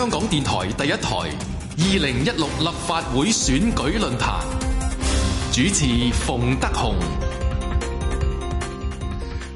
香港電台第一台，二零一六立法會選舉論壇主持馮德雄。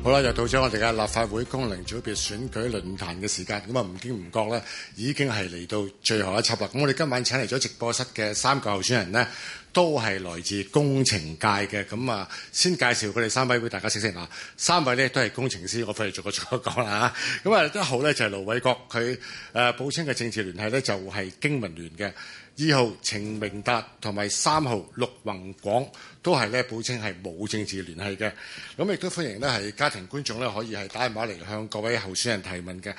好啦，又到咗我哋嘅立法會功能組別選舉論壇嘅時間，咁啊唔經唔覺咧，已經係嚟到最後一輯啦。咁我哋今晚請嚟咗直播室嘅三個候選人咧。都係來自工程界嘅，咁啊先介紹佢哋三位畀大家識識啦。三位呢都係工程師，我費事逐個逐個講啦嚇。咁啊，一號呢就係盧偉國，佢誒報稱嘅政治聯繫呢就係經民聯嘅。二號程明達同埋三號陸宏廣都係呢報稱係冇政治聯繫嘅。咁亦都歡迎呢係家庭觀眾呢可以係打電話嚟向各位候選人提問嘅。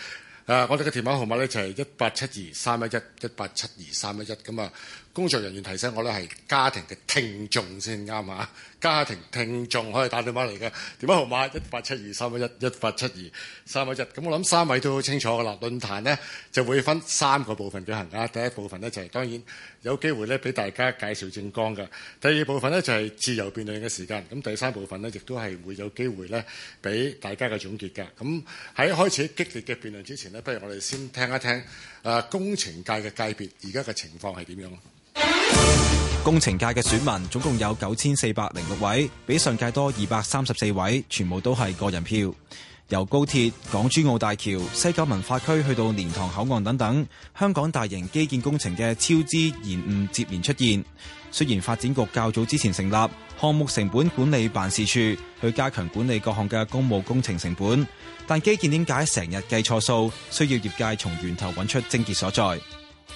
誒，我哋嘅電話號碼呢就係一八七二三一一一八七二三一一咁啊。工作人員提醒我咧係家庭嘅聽眾先啱啊！家庭聽眾可以打電話嚟嘅電話號碼一八七二三一一八七二三一。咁我諗三位都好清楚㗎啦。論壇呢就會分三個部分進行㗎。第一部分呢，就係、是、當然有機會咧俾大家介紹政綱㗎。第二部分呢，就係、是、自由辯論嘅時間。咁第三部分呢，亦都係會有機會呢俾大家嘅總結㗎。咁喺開始激烈嘅辯論之前呢，不如我哋先聽一聽誒、呃、工程界嘅界別而家嘅情況係點樣。工程界嘅選民總共有九千四百零六位，比上屆多二百三十四位，全部都係個人票。由高鐵、港珠澳大橋、西九文化區去到蓮塘口岸等等，香港大型基建工程嘅超支延誤接連出現。雖然發展局較早之前成立項目成本管理辦事處，去加強管理各項嘅公務工程成本，但基建點解成日計錯數？需要業界從源頭揾出癥結所在。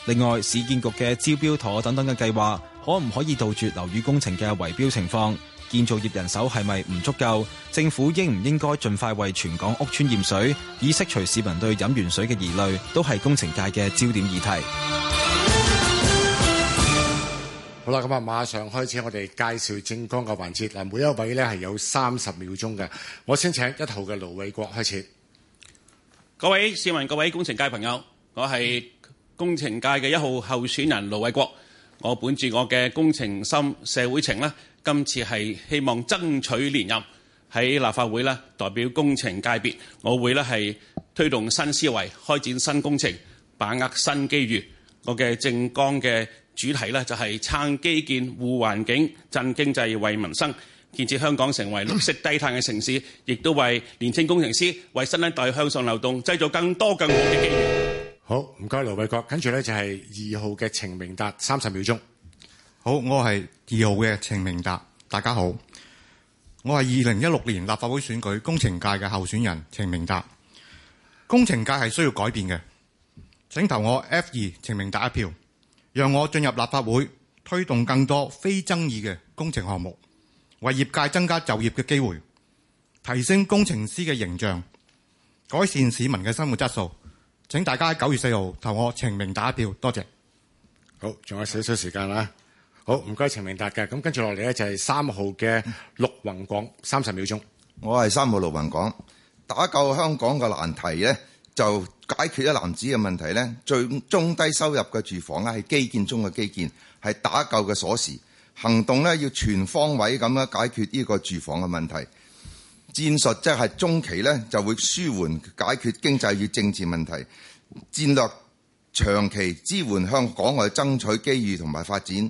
另外，市建局嘅招標妥等等嘅計劃，可唔可以杜絕樓宇工程嘅圍標情況？建造業人手係咪唔足夠？政府應唔應該盡快為全港屋村驗水，以釋除市民對飲完水嘅疑慮？都係工程界嘅焦點議題。好啦，咁啊，馬上開始我哋介紹政綱嘅環節嗱，每一位呢係有三十秒鐘嘅，我先請一號嘅盧偉國開始。各位市民、各位工程界朋友，我係。工程界嘅一號候選人盧偉國。我本住我嘅工程心、社會情呢,今次係希望爭取連任。喺立法會呢,代表工程界別,我會呢,係推動新思維,開展新工程,把握新機遇。我嘅政綱嘅主題呢,就係撐基建、護環境,振經濟、惠民生,建設香港成為綠色低碳嘅城市,亦都為年輕工程師,為新一代向上流動,製造更多更好嘅機遇。好，唔該，盧偉國，跟住咧就係二號嘅程明達三十秒鐘。好，我係二號嘅程明達，大家好，我係二零一六年立法會選舉工程界嘅候選人程明達。工程界係需要改變嘅，請投我 F 二程明達一票，讓我進入立法會，推動更多非爭議嘅工程項目，為業界增加就業嘅機會，提升工程師嘅形象，改善市民嘅生活質素。請大家九月四號同我程明打一票，多謝。好，仲有少少時間啦。好，唔該程明達嘅。咁跟住落嚟咧就係三號嘅陸雲港，三十秒鐘。我係三號陸雲港。打救香港嘅難題咧，就解決一籃子嘅問題咧。最中低收入嘅住房咧，係基建中嘅基建，係打救嘅鎖匙行動咧，要全方位咁樣解決呢個住房嘅問題。戰術即係中期咧，就會舒緩解決經濟與政治問題；戰略長期支援香港去爭取機遇同埋發展。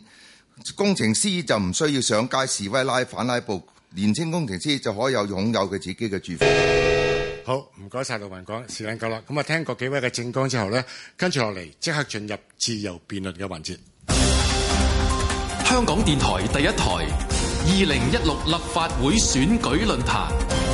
工程師就唔需要上街示威拉反拉布，年輕工程師就可以有擁有佢自己嘅住房。好，唔該晒，盧雲講，時間夠啦。咁啊，聽過幾位嘅政綱之後咧，跟住落嚟即刻進入自由辯論嘅環節。香港電台第一台。二零一六立法會選舉論壇。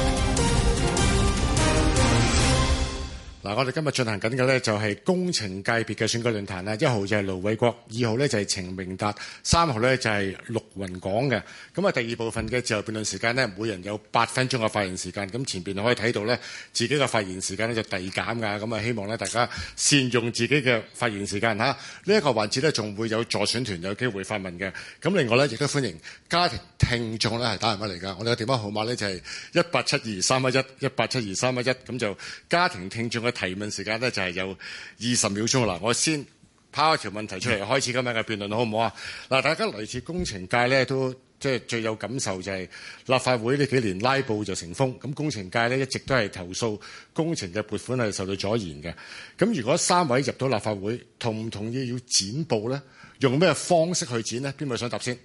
嗱，我哋今日進行緊嘅呢就係工程界別嘅選舉論壇。呢一號就係盧偉國，二號呢就係程明達，三號呢就係陸雲港嘅。咁啊，第二部分嘅自由辯論時間呢，每人有八分鐘嘅發言時間。咁前邊可以睇到呢，自己嘅發言時間呢就遞減㗎。咁啊，希望呢，大家善用自己嘅發言時間吓，呢一個環節呢仲會有助選團有機會發問嘅。咁另外呢，亦都歡迎家庭聽眾呢係打電話嚟㗎。我哋嘅電話號碼呢就係一八七二三一一，一八七二三一一。咁就家庭聽眾嘅。提問時間咧就係有二十秒鐘啦，我先拋一條問題出嚟，開始今日嘅辯論，好唔好啊？嗱，大家嚟自工程界咧，都即係最有感受就係立法會呢幾年拉布就成風，咁工程界咧一直都係投訴工程嘅撥款係受到阻延嘅。咁如果三位入到立法會，同唔同意要剪布咧？用咩方式去剪呢？邊位想答先？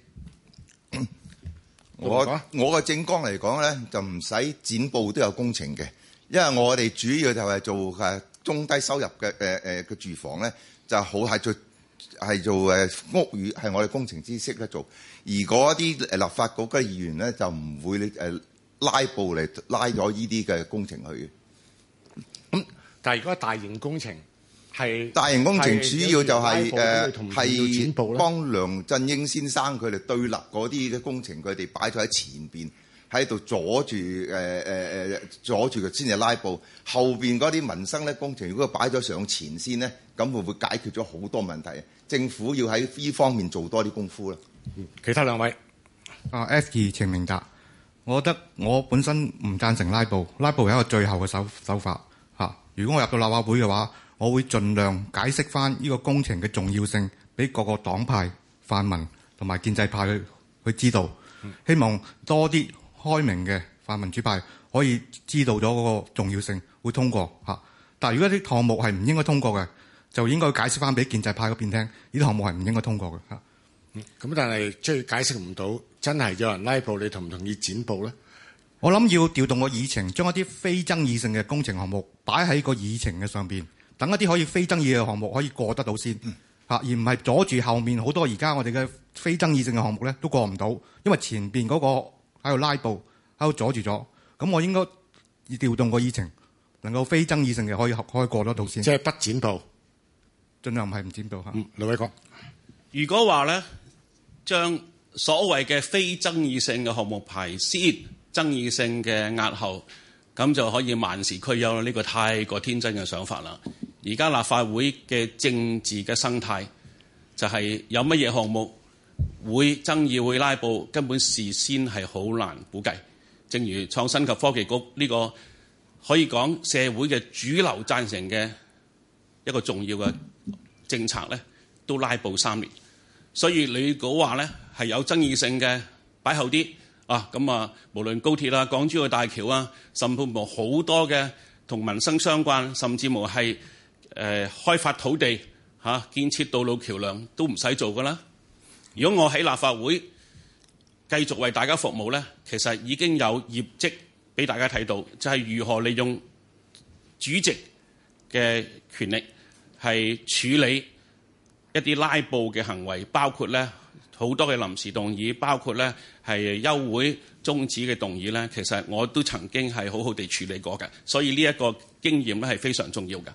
我我嘅政綱嚟講咧，就唔使剪布都有工程嘅。因為我哋主要就係做誒中低收入嘅誒誒嘅住房咧，就好係做係做誒屋宇，係我哋工程知識咧做。而嗰啲誒立法局嘅議員咧，就唔會誒、呃、拉布嚟拉咗依啲嘅工程去。咁、嗯，但係如果大型工程係大型工程，主要就係誒係幫梁振英先生佢哋對立嗰啲嘅工程他們擺，佢哋擺咗喺前面。喺度阻住誒、呃呃、阻住佢先，至拉布後面嗰啲民生咧工程，如果擺咗上前先咧，咁會唔會解決咗好多問題？政府要喺呢方面做多啲功夫啦、嗯。其他兩位啊，F G，程明達，我覺得我本身唔贊成拉布，拉布係一個最後嘅手手法、啊、如果我入到立法會嘅話，我會盡量解釋翻呢個工程嘅重要性，俾各個黨派、泛民同埋建制派去去知道，嗯、希望多啲。開明嘅泛民主派可以知道咗嗰個重要性，會通過嚇。但係如果啲項目係唔應該通過嘅，就應該解釋翻俾建制派嗰邊聽，呢啲項目係唔應該通過嘅嚇。咁、嗯、但係即係解釋唔到，真係有人拉布，你同唔同意剪布咧？我諗要調動個議程，將一啲非爭議性嘅工程項目擺喺個議程嘅上邊，等一啲可以非爭議嘅項目可以過得到先嚇，嗯、而唔係阻住後面好多而家我哋嘅非爭議性嘅項目咧都過唔到，因為前邊嗰、嗰個。喺度拉布，喺度阻住咗。咁我應該要調動個議程，能夠非爭議性嘅可以合開過得到先。即係不剪到，盡量唔係唔剪到吓，嗯，你話講。如果話咧，將所謂嘅非爭議性嘅項目排先，爭議性嘅押後，咁就可以萬事俱優啦。呢、這個太過天真嘅想法啦。而家立法會嘅政治嘅生態就係、是、有乜嘢項目？會爭議，會拉布，根本事先係好難估計。正如創新及科技局呢個可以講社會嘅主流贊成嘅一個重要嘅政策咧，都拉布三年，所以你講話咧係有爭議性嘅擺後啲啊。咁啊，無論高鐵啊、港珠澳大橋啊，甚至乎好多嘅同民生相關，甚至乎係誒開發土地嚇、啊、建設道路橋梁都唔使做㗎啦。如果我喺立法會繼續為大家服務咧，其實已經有業績俾大家睇到，就係如何利用主席嘅權力係處理一啲拉布嘅行為，包括咧好多嘅臨時動議，包括咧係休會終止嘅動議咧，其實我都曾經係好好地處理過嘅，所以呢一個經驗咧係非常重要嘅。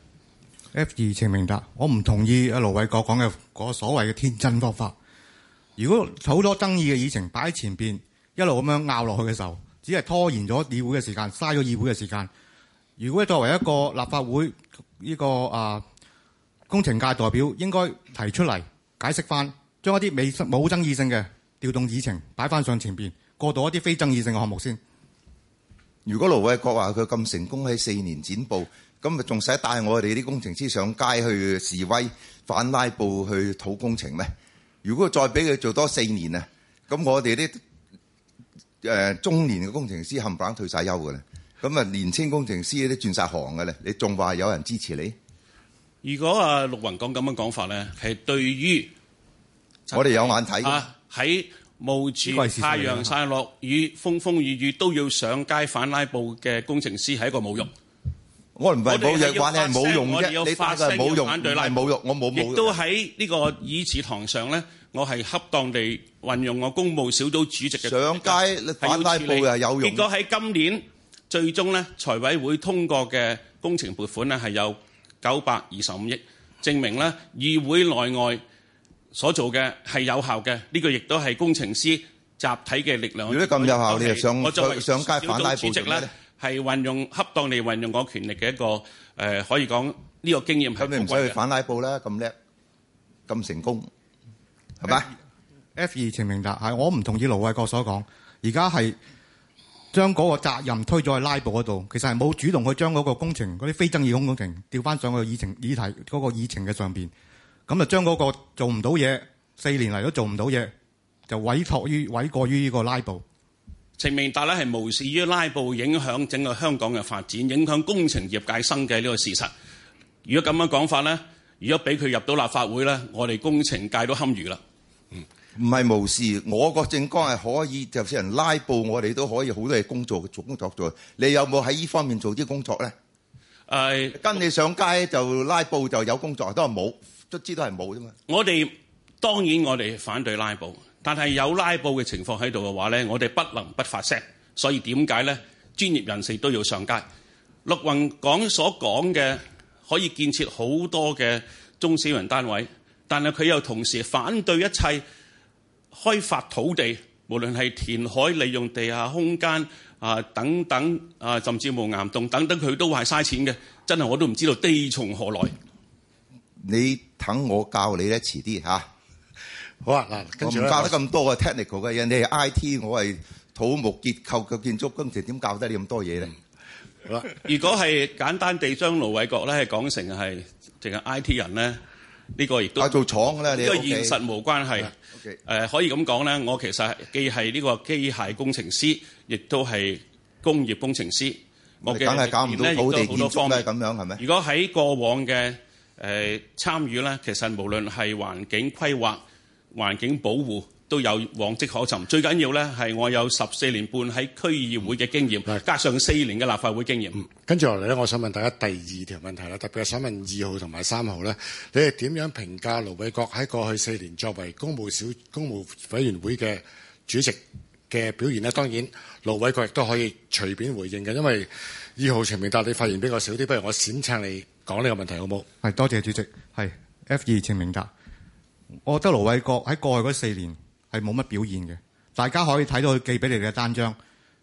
F 二，程明達，我唔同意阿盧偉國講嘅個所謂嘅天真方法。如果好多爭議嘅議程擺喺前面，一路咁樣拗落去嘅時候，只係拖延咗議會嘅時間，嘥咗議會嘅時間。如果作為一個立法會呢個啊工程界代表，應該提出嚟解釋翻，將一啲冇爭議性嘅調動議程擺翻上前邊，過渡一啲非爭議性嘅項目先。如果盧偉國話佢咁成功喺四年展布，咁咪仲使帶我哋啲工程師上街去示威反拉布去討工程咩？如果再俾佢做多四年啊，咁我哋啲誒中年嘅工程師冚唪唥退晒休㗎啦，咁啊年青工程師都轉晒行㗎啦，你仲話有人支持你？如果啊陸雲講咁樣講法咧，係對於我哋有眼睇嘅，喺冒住太陽曬落雨風風雨雨都要上街反拉布嘅工程師係一個侮辱。我唔係冇用，話你係冇用啫，你發嘅係冇用，係冇用，我冇冇。亦都喺呢個議事堂上咧，我係恰當地運用我公務小組主席嘅上街反拉布嘅有用。結果喺今年最終咧，財委會通過嘅工程撥款咧係有九百二十五億，證明咧議會內外所做嘅係有效嘅。呢個亦都係工程師集體嘅力量。如果咁有效，你又上上街反拉布嘅？係運用恰當地運用我權力嘅一個誒、呃，可以講呢個經驗肯定唔使去反拉布啦，咁叻，咁成功，係咪是拜？F 二程明達我唔同意盧偉國所講，而家係將嗰個責任推咗去拉布嗰度，其實係冇主動去將嗰個工程、嗰啲非爭議工程調翻上去議、嗰個議程、嗰個、議題嗰個議程嘅上面。咁就將嗰個做唔到嘢四年嚟都做唔到嘢，就委託於委過於呢個拉布。程明達咧係無視於拉布影響整個香港嘅發展，影響工程業界生計呢個事實。如果咁樣講法咧，如果俾佢入到立法會咧，我哋工程界都堪虞啦。嗯，唔係無視，我個政綱係可以，就算人拉布，我哋都可以好多嘢工作嘅做工作做。你有冇喺呢方面做啲工作咧？誒，跟你上街就拉布就有工作，都係冇，卒之都係冇啫嘛。我哋當然我哋反對拉布。但係有拉布嘅情況喺度嘅話咧，我哋不能不發聲。所以點解咧？專業人士都要上街。陸運港所講嘅可以建設好多嘅中小型單位，但係佢又同時反對一切開發土地，無論係填海、利用地下空間啊等等啊，甚至無岩洞等等，佢都話係嘥錢嘅。真係我都唔知道地從何來。你等我教你咧，遲啲嚇。好啊，嗱，跟住咧，教得咁多嘅 technical 嘅人哋係 I T，我係土木結構嘅建築工程，點教得你咁多嘢咧？好啦，如果係簡單地將盧偉國咧講成係淨係 I T 人咧，呢個亦都，我做廠啦，呢個現實無關係。誒，可以咁講咧，我其實既係呢個機械工程師，亦都係工業工程師。我梗係搞唔到土地建築咁樣，係咪？如果喺過往嘅誒參與咧，其實無論係環境規劃。環境保護都有往跡可尋，最緊要咧係我有十四年半喺區議會嘅經驗，加上四年嘅立法會經驗。嗯、跟住落嚟咧，我想問大家第二條問題啦，特別係想問二號同埋三號咧，你係點樣評價盧偉國喺過去四年作為公務小公務委員會嘅主席嘅表現呢？當然，盧偉國亦都可以隨便回應嘅，因為二號程明達你發言比較少啲，不如我閃撐你講呢個問題好唔好？係多謝主席，係 F 二程明達。我覺得盧偉國喺過去嗰四年係冇乜表現嘅，大家可以睇到佢寄俾你嘅單張，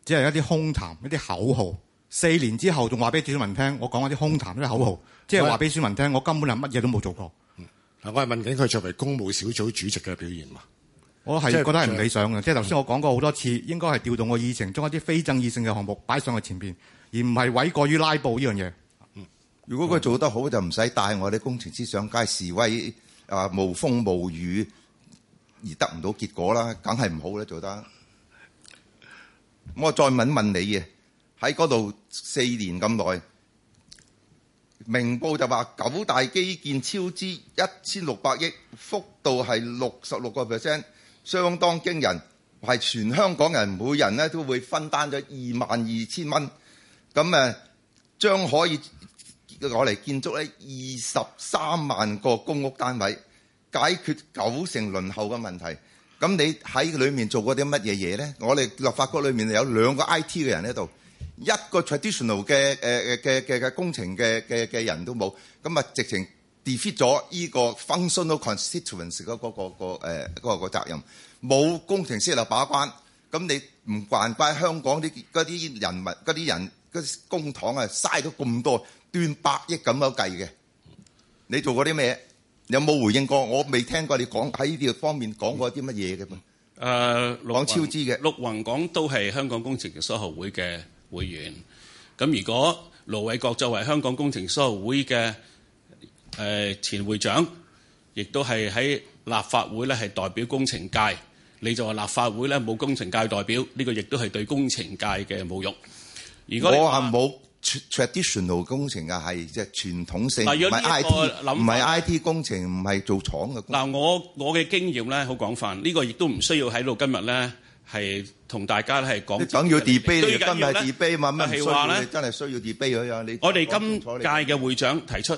只係一啲空談、一啲口號。四年之後仲話俾選民聽，我講一啲空談、一啲口號，即係話俾選民聽，我根本係乜嘢都冇做過。嗱，我係問緊佢作為公務小組主席嘅表現嘛？我係覺得係唔理想嘅。即係頭先我講過好多次，應該係調動個議程，將一啲非正義性嘅項目擺上去前面，而唔係委過於拉布呢樣嘢。如果佢做得好，就唔使帶我哋工程師上街示威。啊！無風無雨而得唔到結果啦，梗係唔好咧，做得。我再問問你嘅，喺嗰度四年咁耐，明報就話九大基建超支一千六百億，幅度係六十六個 percent，相當驚人，係全香港人每人咧都會分擔咗二萬二千蚊，咁誒將可以。我嚟建築咧二十三萬個公屋單位，解決九成輪候嘅問題。咁你喺裏面做過啲乜嘢嘢咧？我哋立法局裏面有兩個 I.T. 嘅人喺度，一個 traditional 嘅誒誒、呃、嘅嘅嘅工程嘅嘅嘅人都冇，咁啊直情 defeat 咗依個 functional constituents 個個誒嗰個個責任，冇工程師嚟把關。咁你唔慣慣香港啲嗰啲人物，嗰啲人個公帑啊，嘥咗咁多。端百億咁樣計嘅，你做過啲咩？有冇回應過？我未聽過你講喺呢條方面講過啲乜嘢嘅噉。誒，講超支嘅。陸雲港都係香港工程師學會嘅會員。咁如果盧偉國作為香港工程師學會嘅誒前會長，亦都係喺立法會咧係代表工程界，你就話立法會咧冇工程界代表，呢個亦都係對工程界嘅侮辱。如果我係冇。Traditional 工程啊，係即係傳統性，唔係 IT 工程，唔係做廠嘅工程。嗱，我我嘅經驗咧好廣泛，呢個亦都唔需要喺度今日咧，係同大家係講。你梗要 debate，今日 debate 嘛？咩需要咧？真係需要 debate 佢啊！你，我哋今屆嘅會長提出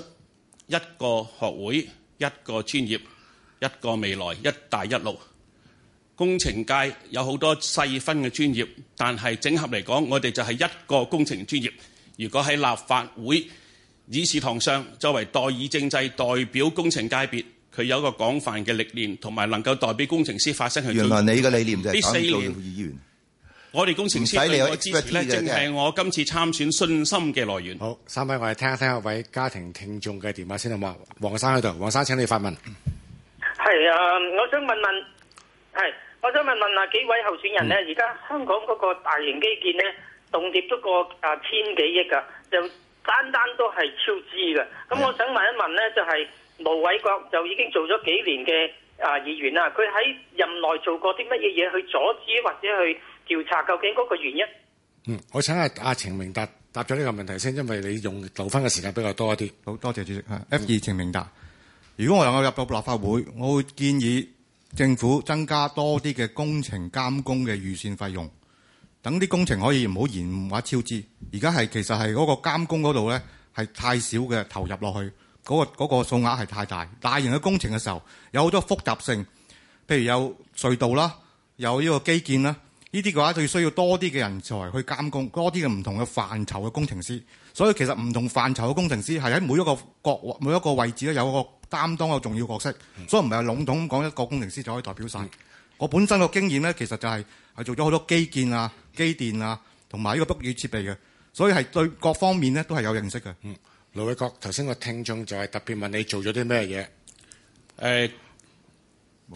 一個學會、一個專業、一個未來、一帶一路。工程界有好多細分嘅專業，但係整合嚟講，我哋就係一個工程專業。如果喺立法會議事堂上，作為代議政制代表工程界別，佢有一個廣泛嘅歷練，同埋能夠代表工程師發聲去，原來你嘅理念就係講做議員。呢四年我哋工程師對我支持咧，正係我今次參選信心嘅來源。好，三位我哋聽一聽，聽一聽一位家庭聽眾嘅電話先好嘛？黃生喺度，黃生請你發問。係啊，我想問問係，我想問問下幾位候選人咧？而家、嗯、香港嗰個大型基建咧？動輒都過啊千幾億噶就單單都係超支噶咁我想問一問咧，就係盧偉國就已經做咗幾年嘅啊議員啦，佢喺任內做過啲乜嘢嘢去阻止或者去調查究竟嗰個原因？嗯，我請阿阿程明達答咗呢個問題先，因為你用留翻嘅時間比較多一啲。好多謝主席。嗯、F 二程明達，如果我能夠入到立法會，我會建議政府增加多啲嘅工程監工嘅預算費用。等啲工程可以唔好延誤或者超支，而家係其實，係嗰個監工嗰度咧係太少嘅投入落去，嗰個嗰個數額係太大。大型嘅工程嘅時候，有好多複雜性，譬如有隧道啦，有呢個基建啦，呢啲嘅話，就需要多啲嘅人才去監工，多啲嘅唔同嘅範疇嘅工程師，所以其實唔同範疇嘅工程師，係喺每一個角每一個位置咧有一個擔當嘅重要角色，嗯、所以唔係話籠統講一個工程師就可以代表晒。我本身嘅經驗咧，其實就係、是，係做咗好多基建啊。機電啊，同埋呢個不鏽鋼設備嘅，所以係對各方面呢都係有認識嘅。嗯，盧偉國頭先個聽眾就係特別問你做咗啲咩嘢？誒、嗯，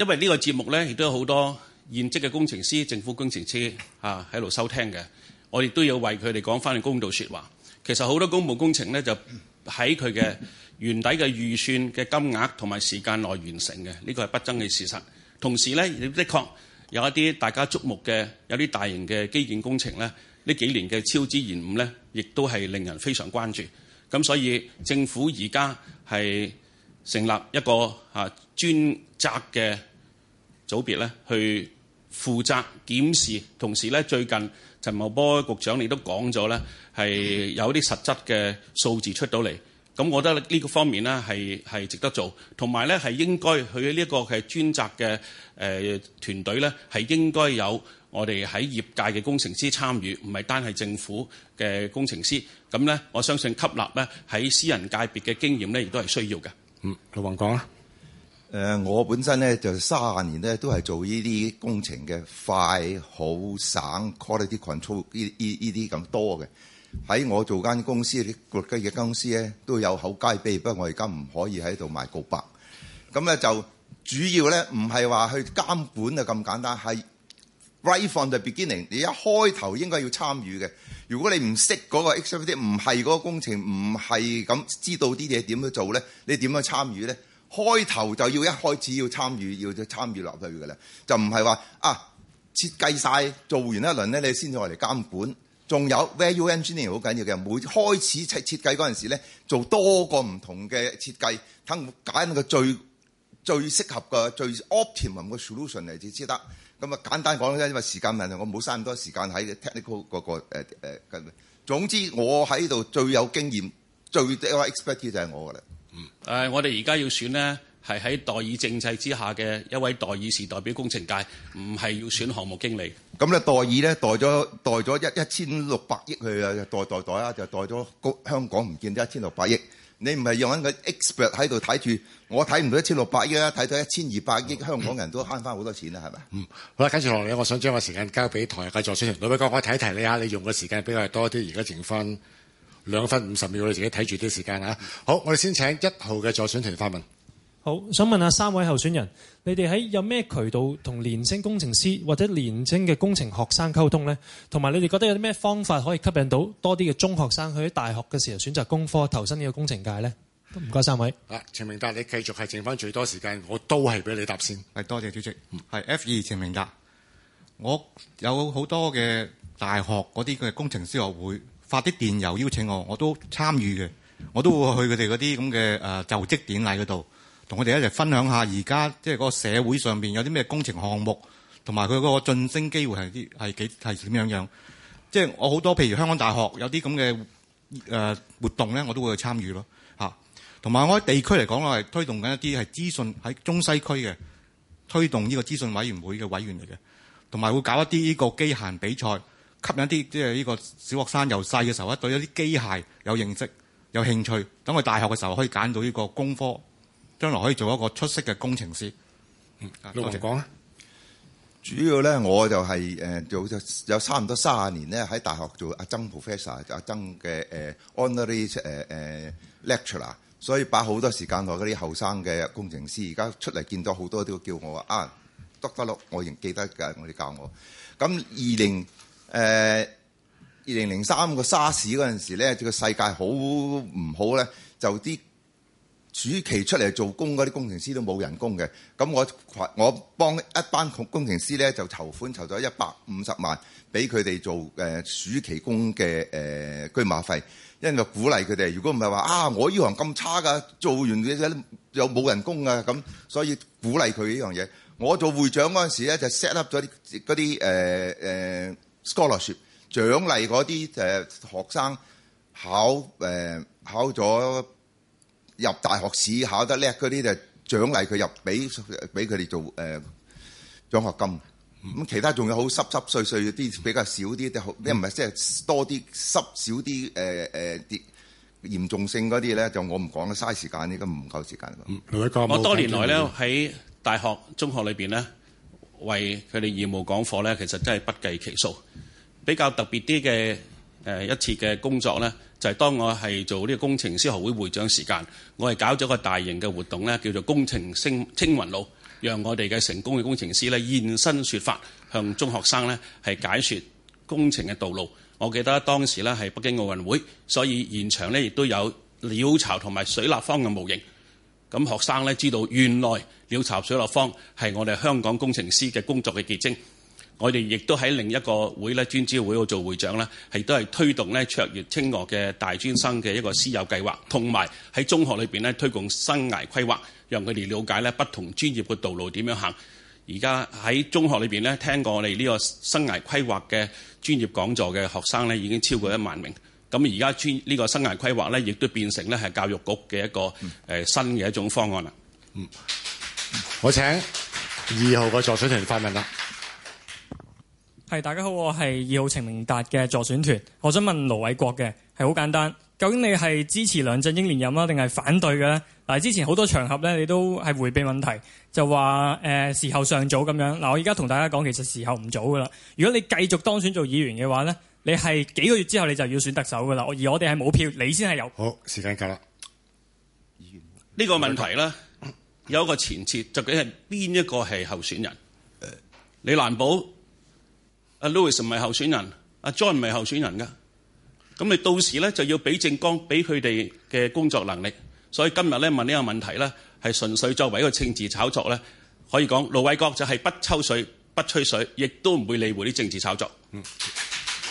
因為呢個節目呢，亦都有好多現職嘅工程師、政府工程師啊喺度收聽嘅，我亦都要為佢哋講翻啲公道説話。其實好多公務工程呢，就喺佢嘅原底嘅預算嘅金額同埋時間內完成嘅，呢個係不爭嘅事實。同時呢，亦的確。有一啲大家矚目嘅，有啲大型嘅基建工程咧，呢幾年嘅超支延誤咧，亦都係令人非常關注。咁所以政府而家係成立一個啊專責嘅組別咧，去負責檢視。同時咧，最近陳茂波局長亦都講咗咧，係有啲實質嘅數字出到嚟。咁，我覺得呢個方面呢係係值得做，同埋呢係應該佢呢、呢個係專責嘅誒、呃、團隊呢，係應該有我哋喺業界嘅工程師參與，唔係單係政府嘅工程師。咁呢，我相信吸納呢喺私人界別嘅經驗呢亦都係需要嘅。嗯，陸宏講啦、啊。誒、呃，我本身呢就三、十、年呢都係做呢啲工程嘅快、好、省 quality control 啲群組，呢呢呢啲咁多嘅。喺我做間公司，啲各間嘅公司咧都有口皆碑，不過我而家唔可以喺度賣告白。咁咧就主要咧唔係話去監管啊咁簡單，係 right from the beginning，你一開頭應該要參與嘅。如果你唔識嗰個 HVAC 唔係嗰個工程唔係咁知道啲嘢點樣做咧，你點樣參與咧？開頭就要一開始要參與，要參與落去㗎啦，就唔係話啊設計晒，做完一輪咧，你先至再嚟監管。仲有 value engineering 先呢樣好緊要嘅，每開始設設計嗰陣時咧，做多個唔同嘅設計，睇解個最最適合嘅、最 optimum 嘅 solution 嚟至先得。咁啊簡單講咧，因為時間問題，我冇嘥咁多時間喺 technical 嗰個誒、呃、誒、呃。總之我喺度最有經驗、最 expert 嘅就係我㗎啦。嗯，誒、uh，我哋而家要選咧。係喺代議政制之下嘅一位代議士代表工程界，唔係要選項目經理咁咧。代議咧代咗代咗一一千六百億去啊，代代代啊，就代咗高香港唔見得一千六百億。你唔係用喺個 expert 喺度睇住，我睇唔到一千六百億啦，睇到一千二百億，億嗯、香港人都慳翻好多錢啦，係咪？嗯，好啦，跟住落嚟，我想將個時間交俾台下嘅助選團。老闆講，我睇一睇你啊，你用嘅時間比較多啲，而家剩翻兩分五十秒，你自己睇住啲時間啊。好，我哋先請一號嘅助選團發問。好想問下三位候選人，你哋喺有咩渠道同年青工程師或者年青嘅工程學生溝通呢？同埋，你哋覺得有啲咩方法可以吸引到多啲嘅中學生去喺大學嘅時候選擇工科，投身呢個工程界呢？唔該，三位。啊，陳明達，你繼續係剩翻最多時間，我都係俾你先答先。係多謝主席。係 F 二，陳明達。我有好多嘅大學嗰啲嘅工程師學會發啲電郵邀請我，我都參與嘅。我都會去佢哋嗰啲咁嘅誒就職典禮嗰度。 同我哋一齊分享下，而家即係嗰個社會上面有啲咩工程項目，同埋佢嗰個晉升機會係啲係幾係點樣樣？即係我好多譬如香港大學有啲咁嘅誒活動咧，我都會去參與咯嚇。同埋我喺地區嚟講，我係推動緊一啲係資訊，喺中西區嘅推動呢個資訊委員會嘅委員嚟嘅，同埋會搞一啲呢個機械比賽，吸引啲即係呢個小學生由細嘅時候一對一啲機械有認識有興趣，等佢大學嘅時候可以揀到呢個工科。將來可以做一個出色嘅工程師。嗯，老實講啦。主要咧，我就係誒做就有差唔多卅年咧，喺大學做阿曾 professor，阿曾嘅誒、呃、honorary 誒、呃、誒 lecturer，所以把好多時間同嗰啲後生嘅工程師，而家出嚟見到好多都叫我啊 doctor 我仍記得嘅，我哋教我。咁二零誒二零零三個沙士 SARS 嗰陣時咧，呢個世界好唔好咧？就啲。暑期出嚟做工嗰啲工程師都冇人工嘅，咁我我幫一班工程師咧就籌款籌咗一百五十萬俾佢哋做誒暑期工嘅誒、呃、居馬費，因為鼓勵佢哋。如果唔係話啊，我呢行咁差噶，做完嘅嘢又冇人工啊，咁所以鼓勵佢呢樣嘢。我做會長嗰陣時咧就 set up 咗啲啲誒誒 scholarship 獎勵啲誒學生考誒、呃、考咗。入大學試考得叻嗰啲就獎勵佢入，俾俾佢哋做誒獎、呃、學金。咁其他仲有好濕濕碎碎啲比較少啲，即係唔係即係多啲濕少啲誒誒啲嚴重性嗰啲咧，就我唔講得嘥時間，呢個唔夠時間。嗯、我多年來咧喺大學、中學裏邊咧，為佢哋義務講課咧，其實真係不計其數。比較特別啲嘅誒一次嘅工作咧。就係當我係做呢個工程師學會會長時間，我係搞咗個大型嘅活動呢，叫做工程星青雲路，讓我哋嘅成功嘅工程師呢現身説法，向中學生呢係解説工程嘅道路。我記得當時呢係北京奧運會，所以現場呢亦都有鳥巢同埋水立方嘅模型，咁學生呢知道原來鳥巢、水立方係我哋香港工程師嘅工作嘅結晶。我哋亦都喺另一個會咧，專招會度做會長咧，係都係推動咧卓越清樂嘅大專生嘅一個師友計劃，同埋喺中學裏邊咧推廣生涯規劃，讓佢哋了解咧不同專業嘅道路點樣行。而家喺中學裏邊咧，聽過我哋呢個生涯規劃嘅專業講座嘅學生咧，已經超過一萬名。咁而家專呢個生涯規劃咧，亦都變成咧係教育局嘅一個誒、嗯、新嘅一種方案啦。嗯，我請二號嘅助手團發問啦。係，大家好，我係二號程明達嘅助選團，我想問盧偉國嘅係好簡單，究竟你係支持梁振英連任呀，定係反對嘅呢？嗱，之前好多場合咧，你都係回避問題，就話誒、呃、時候尚早咁樣。嗱，我而家同大家講，其實時候唔早噶啦。如果你繼續當選做議員嘅話呢，你係幾個月之後你就要選特首噶啦。我而我哋係冇票，你先係有。好，時間夠啦。議員呢個問題呢，的有一個前設，究竟係邊一個係候選人？誒、呃，李蘭寶。阿 Louis 唔係候選人，阿 John 唔係候選人噶，咁你到時咧就要俾政綱俾佢哋嘅工作能力，所以今日咧問呢個問題咧，係純粹作為一個政治炒作咧，可以講盧偉國就係不抽水不吹水，亦都唔會理會啲政治炒作。嗯，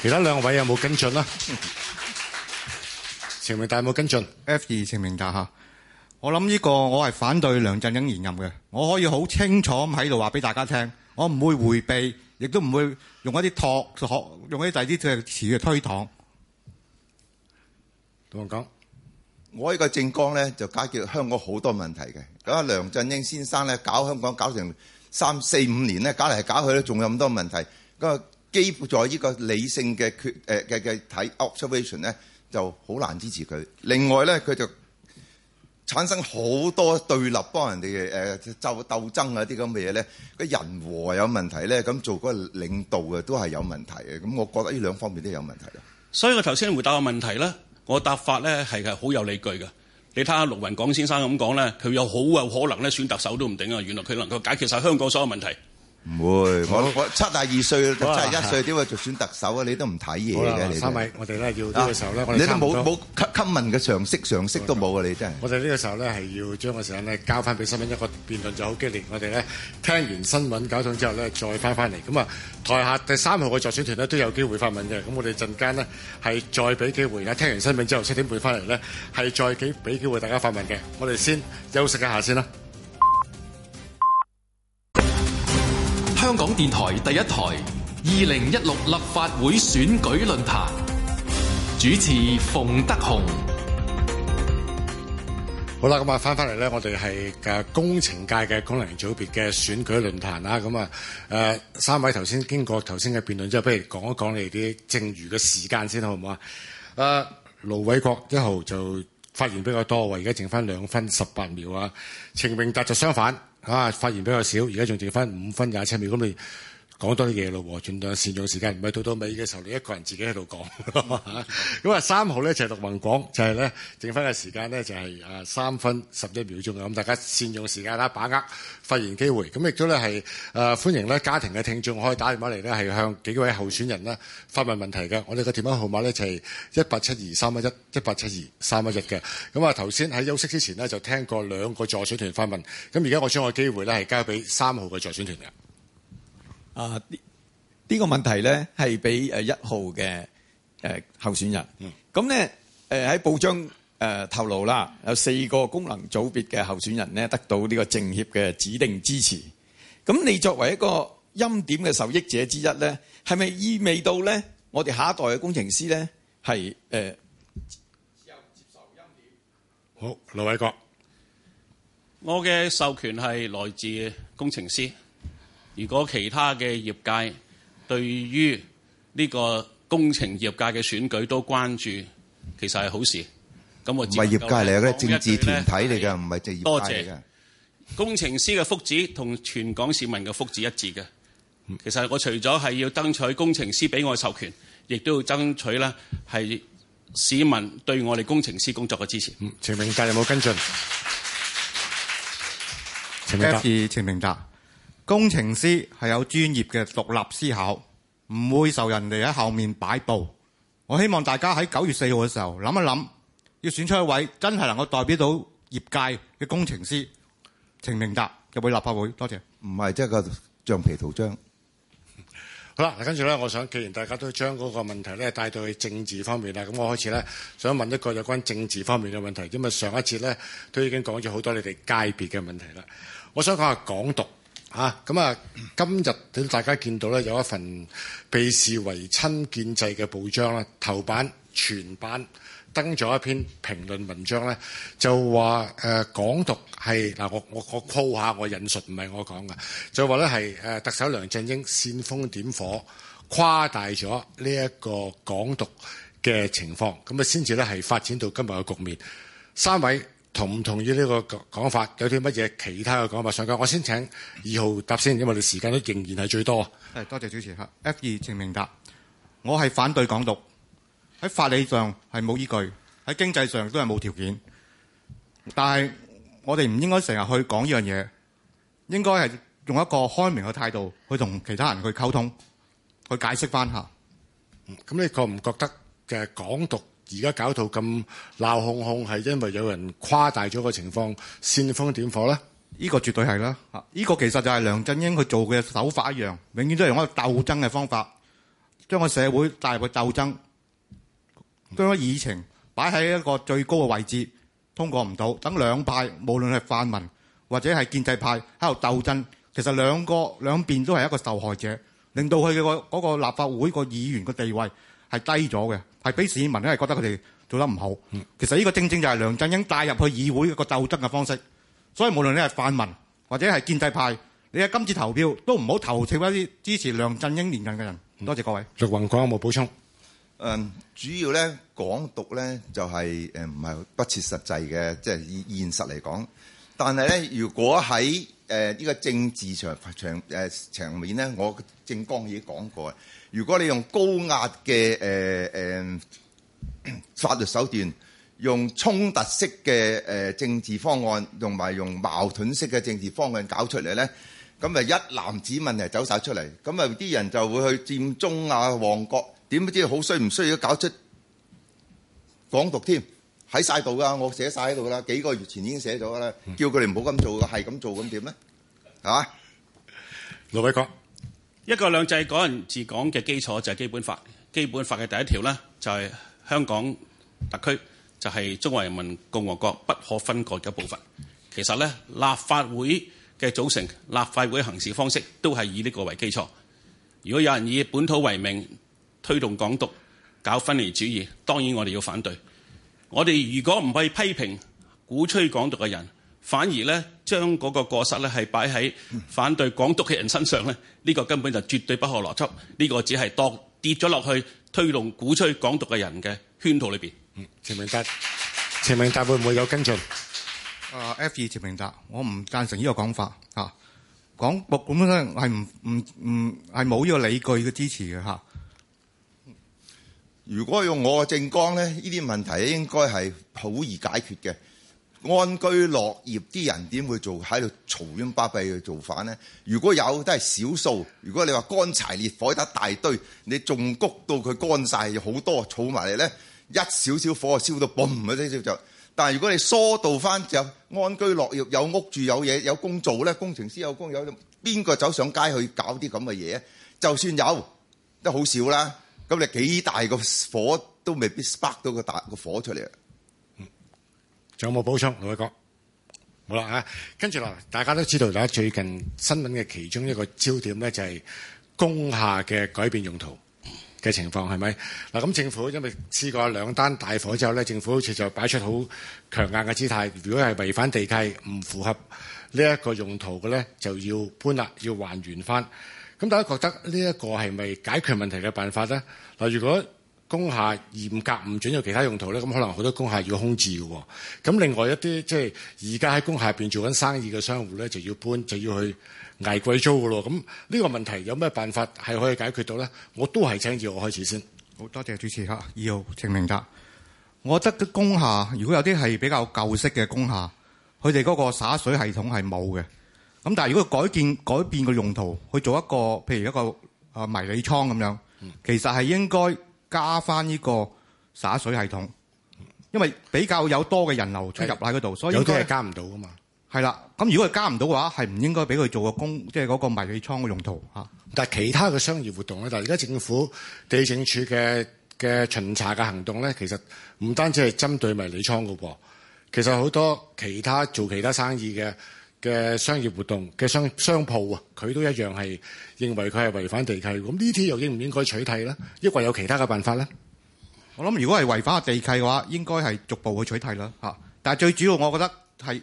其他兩位有冇跟進啦？晴 明大有冇跟進？F 二晴明大吓，我諗呢個我係反對梁振英連任嘅，我可以好清楚咁喺度話俾大家聽，我唔會迴避。亦都唔會用一啲托託，用一啲第二啲詞嚟推搪。同我講，我呢個政綱咧就解決香港好多問題嘅。咁個梁振英先生咧，搞香港搞成三四五年咧，搞嚟搞去咧，仲有咁多問題。嗰個基於在呢個理性嘅決誒嘅嘅睇 observation 咧，就好難支持佢。另外咧佢就。產生好多對立，幫人哋誒、呃、鬥爭啊啲咁嘅嘢咧，個人和有問題咧，咁做個領導嘅都係有問題嘅，咁我覺得呢兩方面都有問題。所以我頭先回答個問題咧，我答法咧係係好有理據嘅。你睇下陸雲港先生咁講咧，佢有好有可能咧選特首都唔定啊，原來佢能夠解決晒香港所有問題。唔會，我我七廿二歲，七十一歲點會就選特首啊？你都唔睇嘢嘅，你三位，我哋咧要呢個時候咧，你都冇冇 common 嘅常識，常識都冇啊，你真係。我哋呢個時候咧係要將個時間咧交翻俾新聞，一個辯論就好激烈，我哋咧聽完新聞搞咗之後咧再翻翻嚟。咁啊，台下第三號嘅助選團咧都有機會發問嘅。咁我哋陣間咧係再俾機會啦。聽完新聞之後七點半翻嚟咧係再幾俾機會大家發問嘅。我哋先休息一下先啦。香港電台第一台，二零一六立法會選舉論壇主持馮德雄。好啦，咁啊翻翻嚟咧，我哋係嘅工程界嘅功能組別嘅選舉論壇啦。咁啊，誒、呃，三位頭先經過頭先嘅辯論之後，不如講一講你哋啲正餘嘅時間先好唔好啊？誒、呃，盧偉國一號就發言比較多，而家剩翻兩分十八秒啊。程榮達就相反。啊！發言比較少，而家仲剩翻五分廿七秒，咁你。講多啲嘢咯，儘量善用時間，唔係到到尾嘅時候你一個人自己喺度講。咁啊，三號咧就係陸文廣，就係咧，剩翻嘅時間咧就係啊三分十一秒鐘，咁大家善用時間啦，把握發言機會。咁亦都咧係誒歡迎咧家庭嘅聽眾可以打電話嚟咧係向幾位候選人咧發問問題嘅。我哋嘅電話號碼咧就係一八七二三一一一八七二三一一嘅。咁啊頭先喺休息之前呢，就聽過兩個助選團發問，咁而家我將個機會咧係交俾三號嘅助選團嘅。啊！呢個問題咧，係俾誒一號嘅誒候選人。咁咧，誒喺報章誒透露啦，有四個功能組別嘅候選人咧，得到呢個政協嘅指定支持。咁你作為一個欽點嘅受益者之一咧，係咪意味到咧，我哋下一代嘅工程師咧，係誒只有接受欽點？好，劉偉國，我嘅授權係來自工程師。如果其他嘅業界對於呢個工程業界嘅選舉都關注，其實係好事。咁我唔係業界嚟嘅，政治團體嚟嘅，唔係職業界的。多謝。工程師嘅福祉同全港市民嘅福祉一致嘅。嗯、其實我除咗係要爭取工程師俾我授權，亦都要爭取咧係市民對我哋工程師工作嘅支持。陳明達有冇跟進？陳明達。工程師係有專業嘅獨立思考，唔會受人哋喺後面擺佈。我希望大家喺九月四號嘅時候諗一諗，要選出一位真係能夠代表到業界嘅工程師程明達入去立法會。多謝。唔係、這個，即係個橡皮圖章。好啦，跟住咧，我想既然大家都將嗰個問題咧帶到去政治方面啦，咁我開始咧想問一個有關政治方面嘅問題。因為上一節咧都已經講咗好多你哋界別嘅問題啦，我想講下港獨。嚇！咁啊，今日等大家見到咧，有一份被視為親建制嘅報章啦，頭版全版登咗一篇評論文章咧，就話誒、呃、港獨係嗱，我我我鋪下我引述，唔係我講嘅，就話咧係誒特首梁振英煽風點火，誇大咗呢一個港獨嘅情況，咁啊先至咧係發展到今日嘅局面。三位。同唔同意呢個講法？有啲乜嘢其他嘅講法想講？我先請二號先答先，因為我哋時間都仍然係最多。係，多謝主持，吓 F 二程明達。我係反對港獨，喺法理上係冇依據，喺經濟上都係冇條件。但係我哋唔應該成日去講呢樣嘢，應該係用一個開明嘅態度去同其他人去溝通，去解釋翻下，咁你覺唔覺得嘅港獨。而家搞到咁鬧哄哄，係因為有人誇大咗個情況，煽風點火咧？呢個絕對係啦。呢個其實就係梁振英佢做嘅手法一樣，永遠都係用一個鬥爭嘅方法，將個社會帶入去鬥爭，將個議程擺喺一個最高嘅位置，通過唔到。等兩派無論係泛民或者係建制派喺度鬥爭，其實兩個兩邊都係一個受害者，令到佢嗰個立法會個議員個地位係低咗嘅。係俾市民咧，覺得佢哋做得唔好。其實呢個正正就係梁振英帶入去議會個鬥爭嘅方式。所以無論你係泛民或者係建制派，你喺今次投票都唔好投剩一啲支持梁振英連任嘅人。多謝各位。陸雲講有冇補充？誒、嗯，主要咧港獨咧就係誒唔係不切實際嘅，即、就、係、是、以現實嚟講。但係咧，如果喺誒呢個政治場場誒、呃、場面咧，我正剛已經講過。如果你用高壓嘅誒誒法律手段，用衝突式嘅誒、呃、政治方案，用埋用矛盾式嘅政治方案搞出嚟咧，咁咪一籃子問題走晒出嚟，咁咪啲人就會去佔中啊、旺角，點不知好衰唔衰搞出港獨添，喺晒度噶，我寫晒喺度噶啦，幾個月前已經寫咗噶啦，叫佢哋唔好咁做，係咁、嗯、做咁點咧？係嘛？羅、啊、偉國。一國兩制、港人治港嘅基礎就係基本法。基本法嘅第一條咧，就係香港特區就係中華人民共和國不可分割嘅一部分。其實咧，立法會嘅組成、立法會行事方式都係以呢個為基礎，如果有人以本土為名推動港獨搞分離主義，當然我哋要反對，我哋如果唔去批評鼓吹港獨嘅人。反而咧，將嗰個過失咧係擺喺反對港獨嘅人身上咧，呢、嗯、個根本就絕對不可邏輯。呢、嗯、個只係墮跌咗落去推動鼓吹港獨嘅人嘅圈套裏邊。陳、嗯、明達，陳明達會唔會有跟進？啊、呃、F 二，陳明達，我唔贊成呢個法、啊、講法嚇。講咁樣咧係唔唔唔係冇呢個理據嘅支持嘅嚇、啊。如果用我嘅政綱咧，呢啲問題應該係好易解決嘅。安居樂業啲人點會做喺度嘈喧巴閉嘅做法咧？如果有都係少數。如果你話乾柴烈火得大堆，你仲谷到佢乾晒好多儲埋嚟咧，一少少火啊，燒到嘣嗰啲就。但如果你疏導翻就安居樂業，有屋住，有嘢，有工做咧，工程師有工有，邊個走上街去搞啲咁嘅嘢？就算有都好少啦。咁你幾大個火都未必 spark 到個大火出嚟啊！仲有冇補充，老偉哥？好啦，跟住落，大家都知道，大家最近新聞嘅其中一個焦點咧，就係工廈嘅改變用途嘅情況，係咪？嗱，咁政府因為試過兩單大火之後咧，政府好似就擺出好強硬嘅姿態，如果係違反地契、唔符合呢一個用途嘅咧，就要搬啦，要還原翻。咁大家覺得呢一個係咪解決問題嘅辦法咧？嗱，如果工廈嚴格唔準有其他用途咧，咁可能好多工廈要空置嘅喎。咁另外一啲即係而家喺工廈入邊做緊生意嘅商戶咧，就要搬就要去捱貴租㗎咯。咁、這、呢個問題有咩辦法係可以解決到咧？我都係請住我開始先。好多謝主持嚇，二號程明德，我覺得嘅工廈如果有啲係比較舊式嘅工廈，佢哋嗰個灑水系統係冇嘅。咁但係如果改建改變個用途去做一個譬如一個迷你倉咁樣，其實係應該。加翻呢個灑水系統，因為比較有多嘅人流出入喺嗰度，所以、就係、有啲係加唔到㗎嘛。係啦，咁如果佢加唔到嘅話，係唔應該俾佢做個工，即係嗰個迷你倉嘅用途。但係其他嘅商業活動咧，但係而家政府地政處嘅嘅巡查嘅行動咧，其實唔單止係針對迷你倉㗎喎，其實好多其他做其他生意嘅。嘅商業活動嘅商商鋪啊，佢都一樣係認為佢係違反地契，咁呢啲又應唔應該取締咧？抑或有其他嘅辦法咧？我諗如果係違反地契嘅話，應該係逐步去取締啦嚇，但係最主要，我覺得係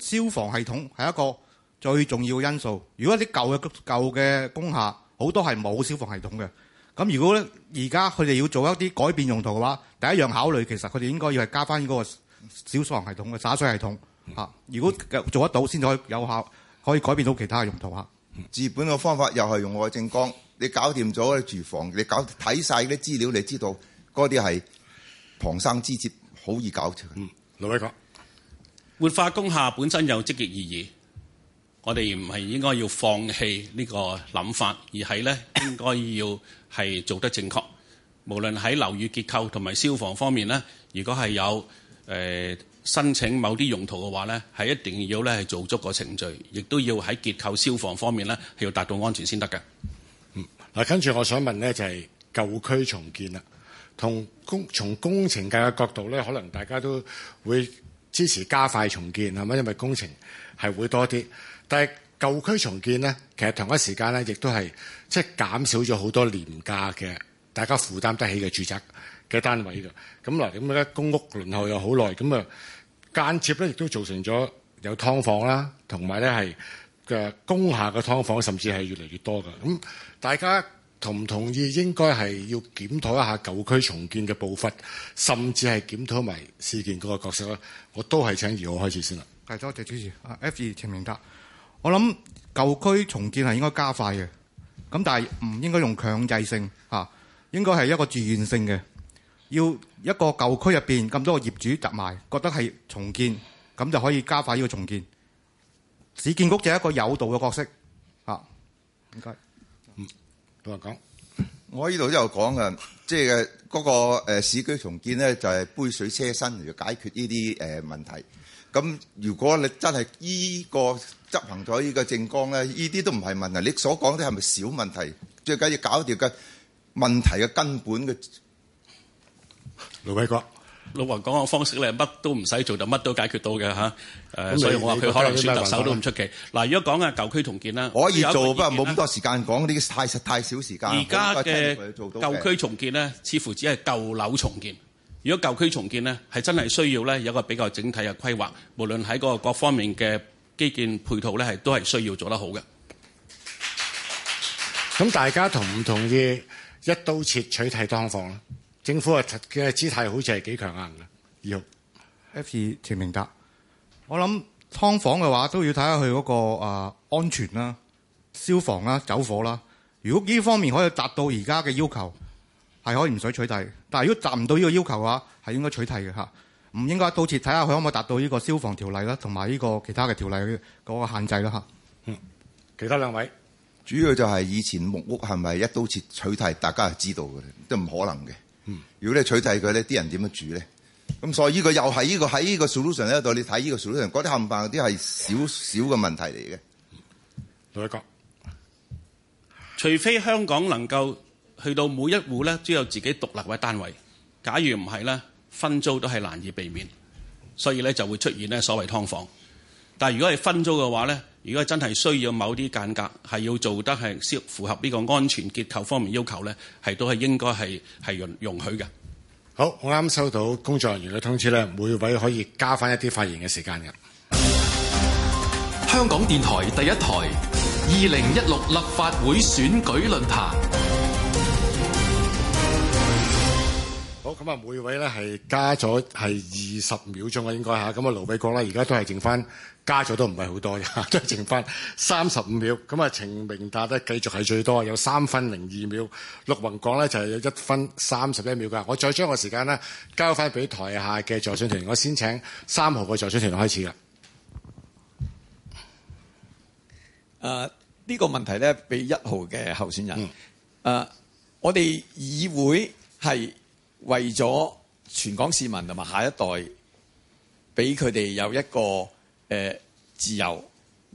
消防系統係一個最重要嘅因素。如果啲舊嘅舊嘅工廈好多係冇消防系統嘅，咁如果咧而家佢哋要做一啲改變用途嘅話，第一樣考慮其實佢哋應該要係加翻嗰個消防系統嘅灑水系統。嚇！嗯、如果做得到，先至可以有效可以改變到其他用途嚇。治、嗯、本嘅方法又係用外政光，你搞掂咗啲住房，你搞睇晒啲資料，你知道嗰啲係旁生枝節，好易搞出嚟。嗯，老魏講活化工廈本身有積極意義，我哋唔係應該要放棄呢個諗法，而係咧應該要係做得正確。無論喺樓宇結構同埋消防方面咧，如果係有誒。呃申請某啲用途嘅話咧，係一定要咧係做足個程序，亦都要喺結構消防方面咧係要達到安全先得嘅。嗯，嗱，跟住我想問咧就係舊區重建啦，同工從工程界嘅角度咧，可能大家都會支持加快重建係咪？因為工程係會多啲，但係舊區重建咧，其實同一時間咧亦都係即係減少咗好多廉價嘅大家負擔得起嘅住宅嘅單位㗎。咁嗱、嗯，咁點解公屋輪候又好耐，咁啊～間接咧，亦都造成咗有劏房啦，同埋咧係嘅工廈嘅㓥房，房甚至係越嚟越多㗎。咁大家同唔同意應該係要檢討一下舊區重建嘅步伐，甚至係檢討埋事件嗰個角色咧？我都係請二號開始先啦。係多謝，謝主持。F 二陳明德，我諗舊區重建係應該加快嘅，咁但係唔應該用強制性吓，應該係一個自願性嘅。要一個舊區入邊咁多個業主集埋，覺得係重建，咁就可以加快呢個重建。市建局就係一個有道嘅角色，嚇。唔該，嗯，同人講。我依度都有講嘅，即係嗰個誒市區重建咧，就係杯水車薪嚟解決呢啲誒問題。咁如果你真係依個執行咗依個政綱咧，依啲都唔係問題。你所講啲係咪小問題？最緊要搞掂嘅問題嘅根本嘅。盧偉國，老王講個方式咧，乜都唔使做就乜都解決到嘅吓。誒，所以我話佢可能選特首都唔出奇。嗱，如果個講嘅舊區重建啦，可以做，不過冇咁多時間講啲太實太少時間。而家嘅舊區重建咧，似乎只係舊樓重建。如果舊區重建咧，係真係需要咧，有一個比較整體嘅規劃，無論喺個各方面嘅基建配套咧，係都係需要做得好嘅。咁大家同唔同意一刀切取替劏房咧？政府嘅姿態好似係幾強硬嘅。二號，F 陳明達，我諗倉房嘅話都要睇下佢嗰個啊安全啦、消防啦、走火啦。如果呢方面可以達到而家嘅要求，係可以唔使取締。但係如果達唔到呢個要求嘅話，係應該取締嘅。嚇唔應該一刀切，睇下佢可唔可以達到呢個消防條例啦，同埋呢個其他嘅條例嗰個限制啦。嚇，嗯，其他兩位主要就係以前木屋係咪一刀切取締，大家係知道嘅，都唔可能嘅。如果你取締佢呢，啲人點樣住咧？咁所以呢個又係呢、呢個喺呢個 solution 度，你睇呢個 solution，嗰啲冚唪唥嗰啲係少少嘅問題嚟嘅。劉偉國，除非香港能夠去到每一戶咧都有自己獨立嘅單位，假如唔係咧，分租都係難以避免，所以咧就會出現咧所謂劏房。但係如果係分租嘅話咧，如果真係需要某啲間隔，係要做得係符合呢個安全結構方面要求咧，係都係應該係容容許嘅。好，我啱收到工作人員嘅通知咧，每位可以加翻一啲發言嘅時間嘅。香港電台第一台二零一六立法會選舉論壇。好，咁啊，每位咧係加咗係二十秒鐘啊，應該下。咁啊，盧偉國咧，而家都係剩翻。加咗都唔係好多，都係剩翻三十五秒咁啊。程明達咧繼續係最多，有三分零二秒。陸雲港咧就係一分三十一秒㗎。我再將個時間咧交翻俾台下嘅助選團，我先請三號嘅助選團開始啦。誒呢、啊呢個問題咧，俾一號嘅候選人誒、嗯啊，我哋議會係為咗全港市民同埋下一代，俾佢哋有一個，誒、呃、自由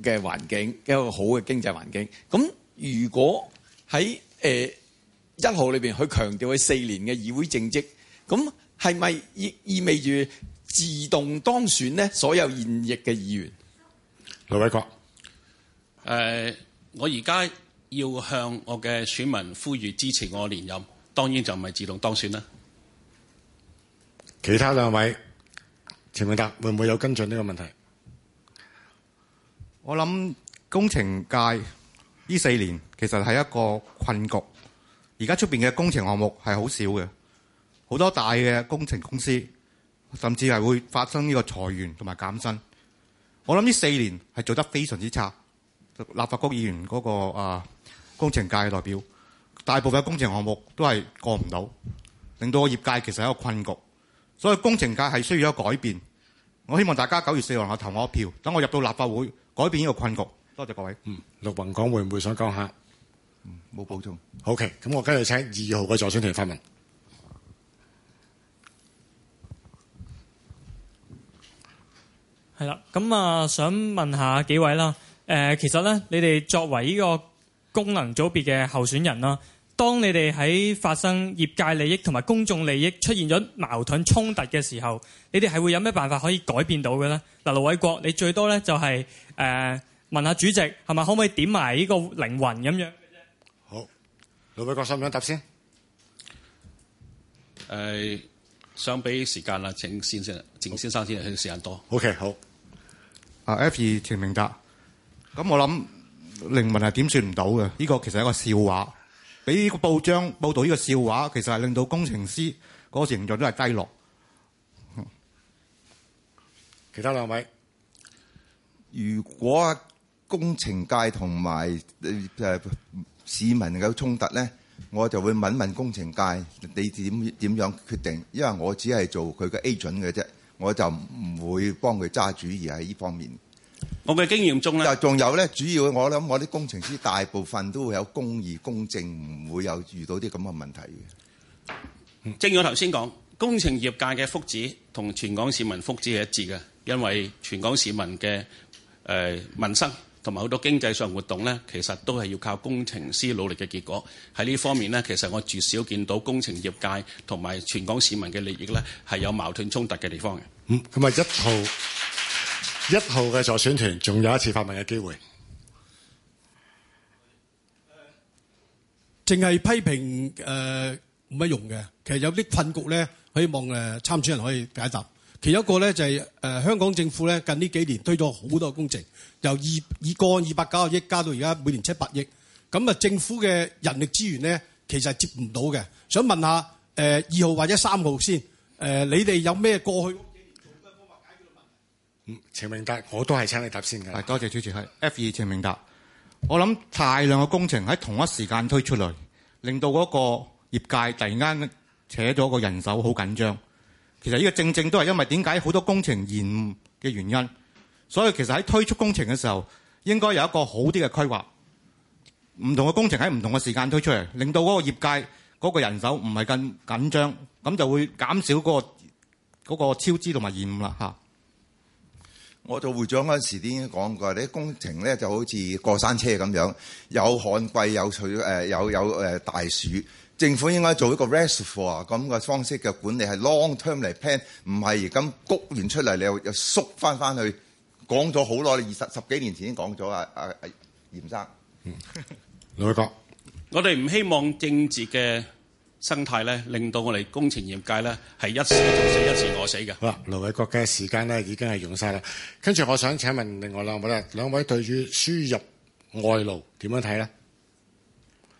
嘅環境，一個好嘅經濟環境。咁如果喺誒一號裏邊，去強調佢四年嘅議會政績，咁係咪意意味住自動當選呢？所有現役嘅議員，劉偉國，誒、呃、我而家要向我嘅選民呼籲支持我連任，當然就唔係自動當選啦。其他兩位，陳永達會唔會有跟進呢個問題？我諗工程界呢四年其實係一個困局，而家出邊嘅工程項目係好少嘅，好多大嘅工程公司甚至係會發生呢個裁員同埋減薪。我諗呢四年係做得非常之差。立法局議員嗰個啊工程界嘅代表，大部分嘅工程項目都係過唔到，令到個業界其實係一個困局。所以工程界係需要有改變。我希望大家九月四號投我一票，等我入到立法會。改變呢個困局，多謝各位。嗯，陸雲講會唔會想講下？嗯，冇補充。好嘅，咁我跟住請二號嘅助選團發問。係啦，咁啊，想問下幾位啦。誒，其實咧，你哋作為呢個功能組別嘅候選人啦。當你哋喺發生業界利益同埋公眾利益出現咗矛盾衝突嘅時候，你哋係會有咩辦法可以改變到嘅咧？嗱，盧偉國，你最多咧就係、是、誒、呃、問下主席，係咪可唔可以點埋呢個靈魂咁樣？好，盧偉國想唔想答先？誒、呃，想俾時間啦，請先生，啦，鄭先生先，佢時間多。OK，好。阿、uh, F，陳明達，咁我諗靈魂係點算唔到嘅，呢、這個其實係一個笑話。俾呢個報章報導呢個笑話，其實係令到工程師嗰個情狀都係低落。其他兩位，如果工程界同埋誒市民有衝突咧，我就會問問工程界，你點點樣決定？因為我只係做佢嘅 agent 嘅啫，我就唔會幫佢揸主意喺呢方面。我嘅經驗中咧，仲有咧，主要我諗我啲工程師大部分都會有公義、公正，唔會有遇到啲咁嘅問題嘅。正如我頭先講，工程業界嘅福祉同全港市民福祉係一致嘅，因為全港市民嘅誒民生同埋好多經濟上活動咧，其實都係要靠工程師努力嘅結果。喺呢方面咧，其實我絕少見到工程業界同埋全港市民嘅利益咧係有矛盾衝突嘅地方嘅。嗯，咁啊，一套。一號嘅助選團仲有一次發問嘅機會，淨係批評誒冇乜用嘅，其實有啲困局咧，希望誒參選人可以解答。其中一個咧就係、是、誒、呃、香港政府咧近呢幾年推咗好多工程，由二二個二百九十億加到而家每年七百億，咁啊政府嘅人力資源咧其實係接唔到嘅。想問一下誒二、呃、號或者三號先，誒、呃、你哋有咩過去？程明達，我都係請你答先嘅。係，多謝主持。係 F 二，程明達，我諗大量嘅工程喺同一時間推出嚟，令到嗰個業界突然間扯咗個人手好緊張。其實呢個正正都係因為點解好多工程延誤嘅原因。所以其實喺推出工程嘅時候，應該有一個好啲嘅規劃。唔同嘅工程喺唔同嘅時間推出嚟，令到嗰個業界嗰個人手唔係咁緊張，咁就會減少嗰個嗰個超支同埋延誤啦。吓。我做會長嗰陣時已經講過，啲工程咧就好似過山車咁樣，有旱季有佢誒有有誒大暑，政府應該做一個 reservoir 咁嘅方式嘅管理，係 long term 嚟 plan，唔係而咁谷完出嚟你又又縮翻翻去。講咗好耐，你二十十幾年前已經講咗啊啊啊嚴生。嗯、 劉偉國，我哋唔希望政治嘅。生態咧，令到我哋工程業界咧係一時做死，一時餓死嘅。好啦，盧偉國嘅時間咧已經係用晒啦。跟住我想請問另外兩位啦，兩位對住輸入外勞點樣睇咧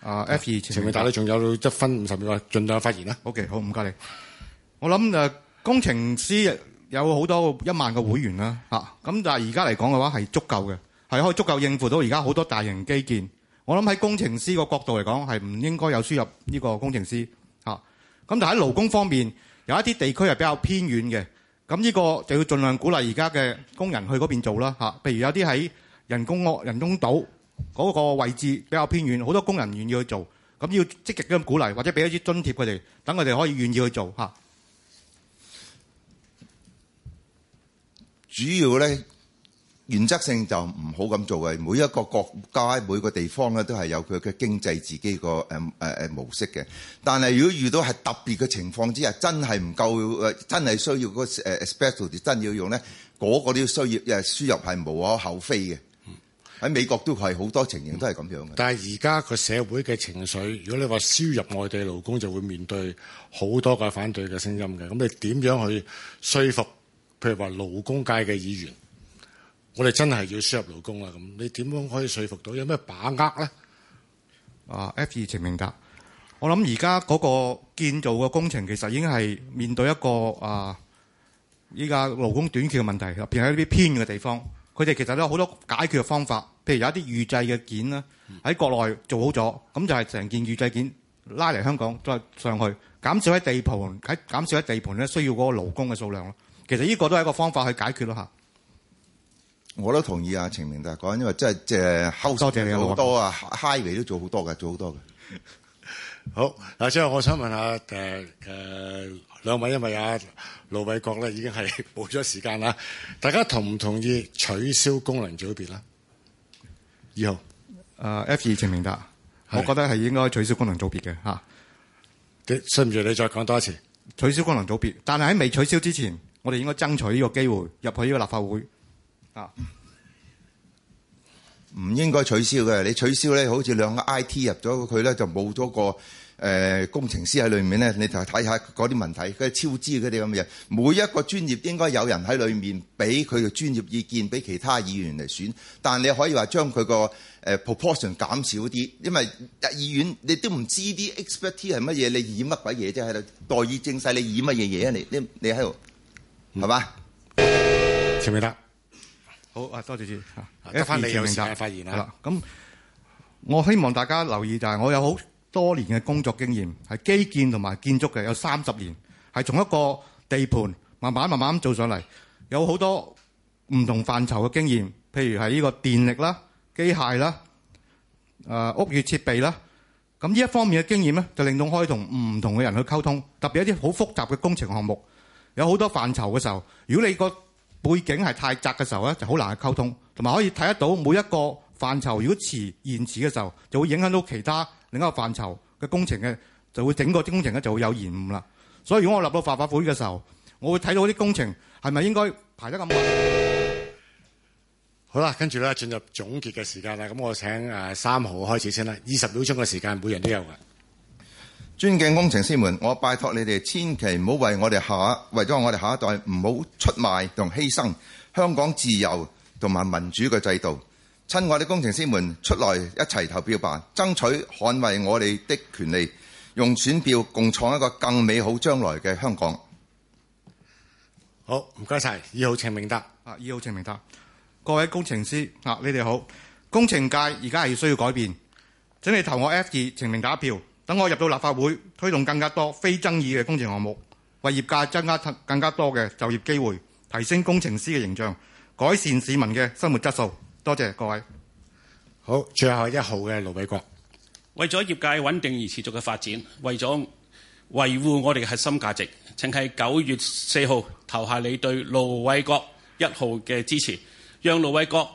？Uh, F 2, 啊，F 二前面大家仲有一分五十秒進的盡量發言啦。OK，好唔該你。我諗、uh, 工程師有好多一萬個會員啦咁、嗯啊、但係而家嚟講嘅話係足夠嘅，係可以足夠應付到而家好多大型基建。嗯嗯我諗喺工程師個角度嚟講，係唔應該有輸入呢個工程師嚇。咁就喺勞工方面，有一啲地區係比較偏遠嘅，咁呢個就要盡量鼓勵而家嘅工人去嗰邊做啦嚇。譬如有啲喺人工、人工島嗰個位置比較偏遠，好多工人願意去做，咁要積極咁鼓勵，或者俾一啲津貼佢哋，等佢哋可以願意去做嚇。主要咧。原則性就唔好咁做嘅，每一個國家每個地方咧都係有佢嘅經濟自己個誒、呃、模式嘅。但係如果遇到係特別嘅情況之下，真係唔夠，真係需要嗰誒 especially 真要用咧，嗰、那個都需要誒輸入係無可厚非嘅。喺美國都係好多情形都係咁樣嘅，嗯。但係而家個社會嘅情緒，如果你話輸入外地勞工就會面對好多嘅反對嘅聲音嘅，咁你點樣去説服？譬如話勞工界嘅議員。我哋真係要輸入勞工啦，咁你點樣可以説服到？有咩把握咧？啊、uh,，F 二情明達，我諗而家嗰個建造嘅工程其實已經係面對一個啊，依、uh, 家勞工短缺嘅問題，入邊喺呢啲偏嘅地方，佢哋其實都有好多解決嘅方法，譬如有一啲預製嘅件呢，喺國內做好咗，咁就係成件預製件拉嚟香港再上去，減少喺地盤，喺減少喺地盤咧需要嗰個勞工嘅數量咯。其實呢個都係一個方法去解決咯嚇。我都同意啊！程明達講，因為即係即係 hold 住好多，你多闆啊，high 維都做好多嘅，做多好多嘅。好嗱，即係我想問下誒誒兩位，因為阿盧偉國咧已經係冇咗時間啦。大家同唔同意取消功能組別咧？二號誒、呃、，F 二，程明達，的我覺得係應該取消功能組別嘅吓。信唔住你再講多一次取消功能組別，但係喺未取消之前，我哋應該爭取呢個機會入去呢個立法會。啊！唔應該取消嘅，你取消咧，好似兩個 I T 入咗佢咧，就冇咗個誒、呃、工程師喺裏面咧。你就睇下嗰啲問題，佢係超支嗰啲咁嘅嘢。每一個專業應該有人喺裏面俾佢嘅專業意見俾其他議員嚟選。但係你可以話將佢個誒 proportion 減少啲，因為議員你都唔知啲 expertise 係乜嘢，你議乜鬼嘢啫？喺度代議政制，你以議乜嘢嘢？你你、嗯、吧請你喺度係嘛？前面得。好啊！多謝謝。得翻你有時間發言。係啦，咁我希望大家留意就係，我有好多年嘅工作經驗，係基建同埋建築嘅，有三十年，係從一個地盤慢慢慢慢咁做上嚟，有好多唔同範疇嘅經驗。譬如喺呢個電力啦、機械啦、誒屋宇設備啦，咁呢一方面嘅經驗咧，就令到可以同唔同嘅人去溝通，特別一啲好複雜嘅工程項目，有好多範疇嘅時候，如果你個背景係太窄嘅時候咧，就好難去溝通，同埋可以睇得到每一個範疇。如果遲延遲嘅時候，就會影響到其他另一個範疇嘅工程嘅，就會整個工程咧就會有延誤啦。所以如果我立到立法會嘅時候，我會睇到啲工程係咪應該排得咁密？好啦，跟住咧進入總結嘅時間啦。咁我請誒三號開始先啦，二十秒鐘嘅時間，每人都有嘅。尊敬工程師們，我拜託你哋千祈唔好為我哋下，為咗我哋下一代唔好出賣同犧牲香港自由同埋民主嘅制度。親愛嘅工程師們，出來一齊投票吧，爭取捍衛我哋的權利，用選票共創一個更美好將來嘅香港。好，唔該晒。二號程明達，啊，二號程明達，各位工程師，啊，你哋好。工程界而家係需要改變，請你投我 F 二程明達一票。等我入到立法會，推動更加多非爭議嘅工程項目，為業界增加更加多嘅就業機會，提升工程師嘅形象，改善市民嘅生活質素。多謝各位。好，最後一號嘅盧偉國，為咗業界穩定而持續嘅發展，為咗維護我哋核心價值，請喺九月四號投下你對盧偉國一號嘅支持，讓盧偉國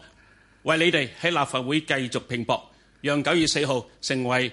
為你哋喺立法會繼續拼搏，讓九月四號成為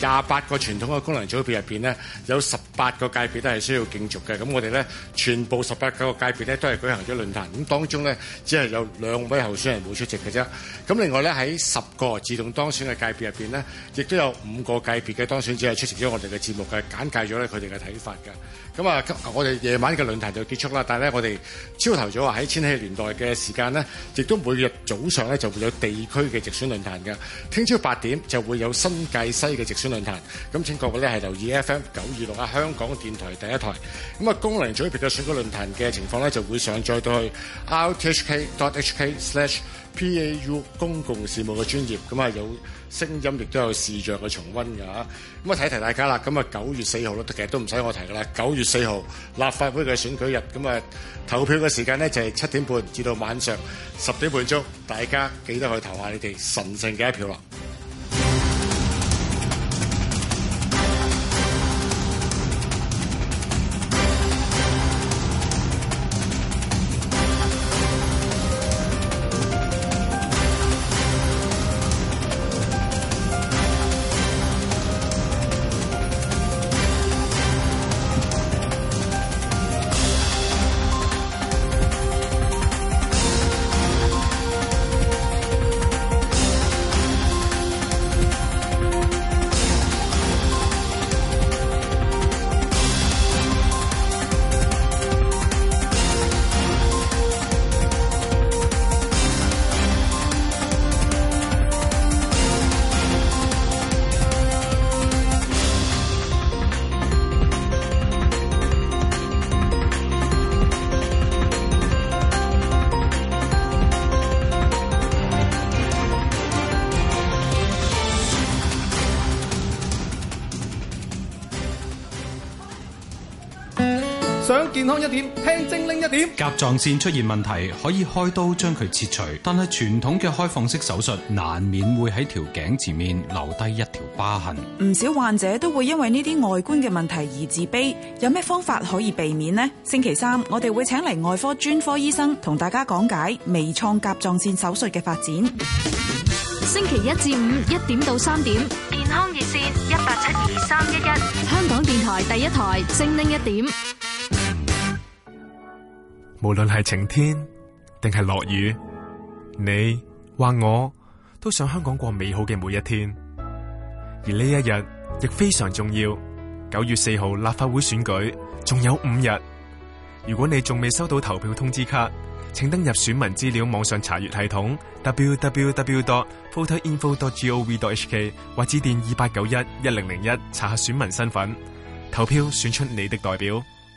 廿八個傳統嘅功能組別入邊咧，有十八個界別都係需要競逐嘅。咁我哋咧，全部十八個界別咧都係舉行咗論壇。咁當中咧，只係有兩位候選人冇出席嘅啫。咁另外咧，喺十個自動當選嘅界別入邊咧，亦都有五個界別嘅當選者係出席咗我哋嘅節目嘅，簡介咗咧佢哋嘅睇法嘅。咁啊，我哋夜晚嘅論壇就結束啦。但係咧，我哋朝頭早啊喺千禧年代嘅時間咧，亦都每日早上咧就會有地區嘅直選論壇嘅。聽朝八點就會有新界西嘅直。論壇，咁請各位咧係留意 FM 九二六啊，香港電台第一台。咁啊，功能組別嘅選舉論壇嘅情況咧，就會上載到去 rthk.hk/pau 公共事務嘅專頁。咁啊，有聲音亦都有視像嘅重溫㗎吓。咁啊，提提大家啦，咁啊，九月四號啦，其實都唔使我提噶啦。九月四號立法會嘅選舉日，咁啊，投票嘅時間咧就係七點半至到晚上十點半鐘，大家記得去投下你哋神聖嘅一票啦。健康一點，聽精靈一點。甲狀腺出現問題可以開刀將佢切除，但係傳統嘅開放式手術難免會喺條頸前面留低一條疤痕。唔少患者都會因為呢啲外觀嘅問題而自卑。有咩方法可以避免呢？星期三我哋會請嚟外科專科醫生同大家講解微創甲狀腺手術嘅發展。星期一至五一點到三點，健康熱線一八七二三一一，2, 3, 1, 1香港電台第一台，精靈一點。無論係晴天定係落雨，你或我都想香港過美好嘅每一天。而呢一日亦非常重要，九月四號立法會選舉仲有五日。如果你仲未收到投票通知卡，請登入選民資料網上查閱系統 www.voterinfo.gov.hk 或致電二八九一一零零一查下選民身份，投票選出你的代表。